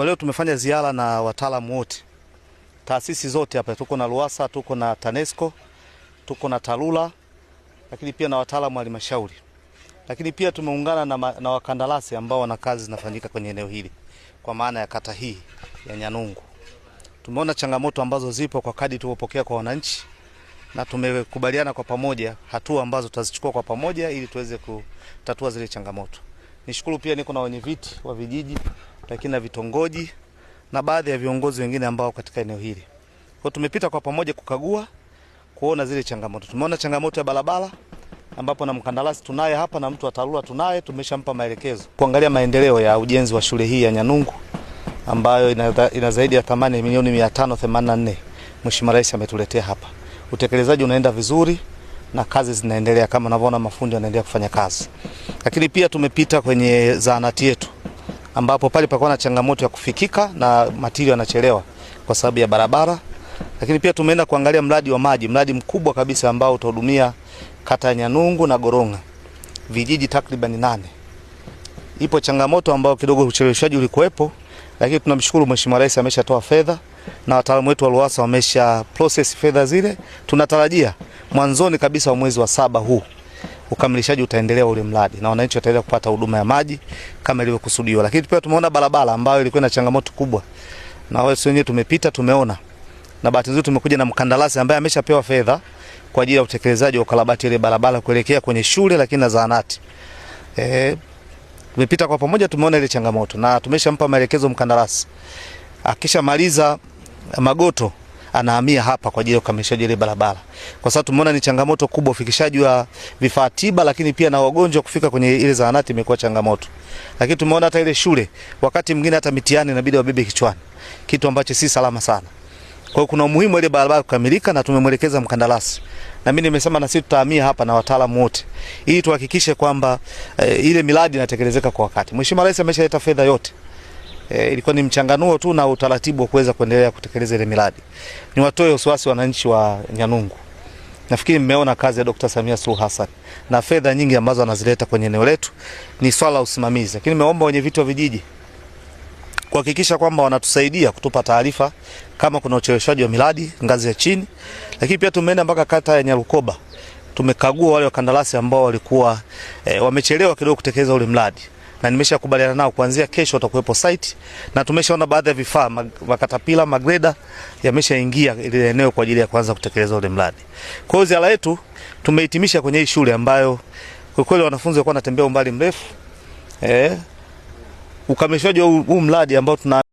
Kwa leo tumefanya ziara na wataalamu wote, taasisi zote hapa, tuko na Luasa, tuko na TANESCO, tuko na TARURA, lakini pia na wataalamu wa halmashauri, lakini pia tumeungana na, na wakandarasi ambao wana kazi zinafanyika kwenye eneo hili, kwa maana ya kata hii ya Nyanungu. Tumeona changamoto ambazo zipo kwa kadi tuliopokea kwa wananchi, na tumekubaliana kwa pamoja hatua ambazo tutazichukua kwa pamoja ili tuweze kutatua zile changamoto. Nishukuru pia, niko na wenyeviti wa vijiji lakini na vitongoji na baadhi ya viongozi wengine ambao katika eneo hili. Kwa tumepita kwa pamoja kukagua kuona zile changamoto. Tumeona changamoto ya barabara ambapo na mkandarasi tunaye hapa na mtu wa TARURA tunaye, tumeshampa maelekezo kuangalia maendeleo ya ujenzi wa shule hii ya Nyanungu ambayo ina, ina zaidi ya thamani milioni 584. Mheshimiwa Rais ametuletea hapa, utekelezaji unaenda vizuri na kazi zinaendelea kama unavyoona, mafundi wanaendelea kufanya kazi, lakini pia tumepita kwenye zahanati yetu ambapo pale pakuwa na changamoto ya kufikika na matirio yanachelewa kwa sababu ya barabara, lakini pia tumeenda kuangalia mradi wa maji, mradi mkubwa kabisa ambao utahudumia kata ya Nyanungu na Goronga, vijiji takriban nane. Ipo changamoto ambayo kidogo ucheleweshaji ulikuwepo, lakini tunamshukuru Mheshimiwa Rais ameshatoa fedha na wataalamu wetu wa Ruwasa wamesha process fedha zile, tunatarajia mwanzoni kabisa wa mwezi wa saba huu ukamilishaji utaendelea ule mradi na wananchi wataendelea kupata huduma ya maji kama ilivyokusudiwa. Lakini pia tumeona barabara ambayo ilikuwa na changamoto kubwa, na wao wenyewe tumepita, tumeona, na bahati nzuri tumekuja na mkandarasi ambaye ameshapewa fedha kwa ajili ya utekelezaji wa ukarabati ile barabara kuelekea kwenye shule lakini na zahanati Eh, tumepita kwa pamoja, tumeona ile changamoto na tumeshampa maelekezo mkandarasi akishamaliza magoto anahamia hapa kwa ajili ya kukamilishaji ile barabara, kwa sababu tumeona ni changamoto kubwa ufikishaji wa vifaa tiba, lakini pia na wagonjwa kufika kwenye ile zahanati imekuwa changamoto. Lakini tumeona hata ile shule, wakati mwingine hata mitihani inabidi wabebe kichwani, kitu ambacho si salama sana. Kwa hiyo kuna umuhimu ile barabara kukamilika, na tumemwelekeza mkandarasi, na mimi nimesema na sisi tutahamia hapa na wataalamu wote, ili tuhakikishe kwamba e, ile miradi inatekelezeka kwa wakati. Mheshimiwa Rais ameshaleta fedha yote e, ilikuwa ni mchanganuo tu na utaratibu wa kuweza kuendelea kutekeleza ile miradi. Niwatoe wasiwasi wananchi wa Nyanungu. Nafikiri mmeona kazi ya Dkt. Samia Suluhu Hassan na fedha nyingi ambazo anazileta kwenye eneo letu, ni swala la usimamizi, lakini nimeomba wenye vitu wa vijiji kuhakikisha kwamba wanatusaidia kutupa taarifa kama kuna ucheleweshaji wa miradi ngazi ya chini, lakini pia tumeenda mpaka kata ya Nyarukoba tumekagua wale wakandarasi ambao walikuwa e, wamechelewa kidogo kutekeleza ule mradi na nimeshakubaliana nao kuanzia kesho watakuwepo site, na tumeshaona baadhi ya vifaa mag, makatapila magreda yameshaingia ile eneo kwa ajili ya kuanza kutekeleza ule mradi. Kwa hiyo ziara yetu tumehitimisha kwenye hii shule ambayo kwa kweli wanafunzi walikuwa wanatembea umbali mrefu eh, ukamilishaji wa huu mradi ambao tuna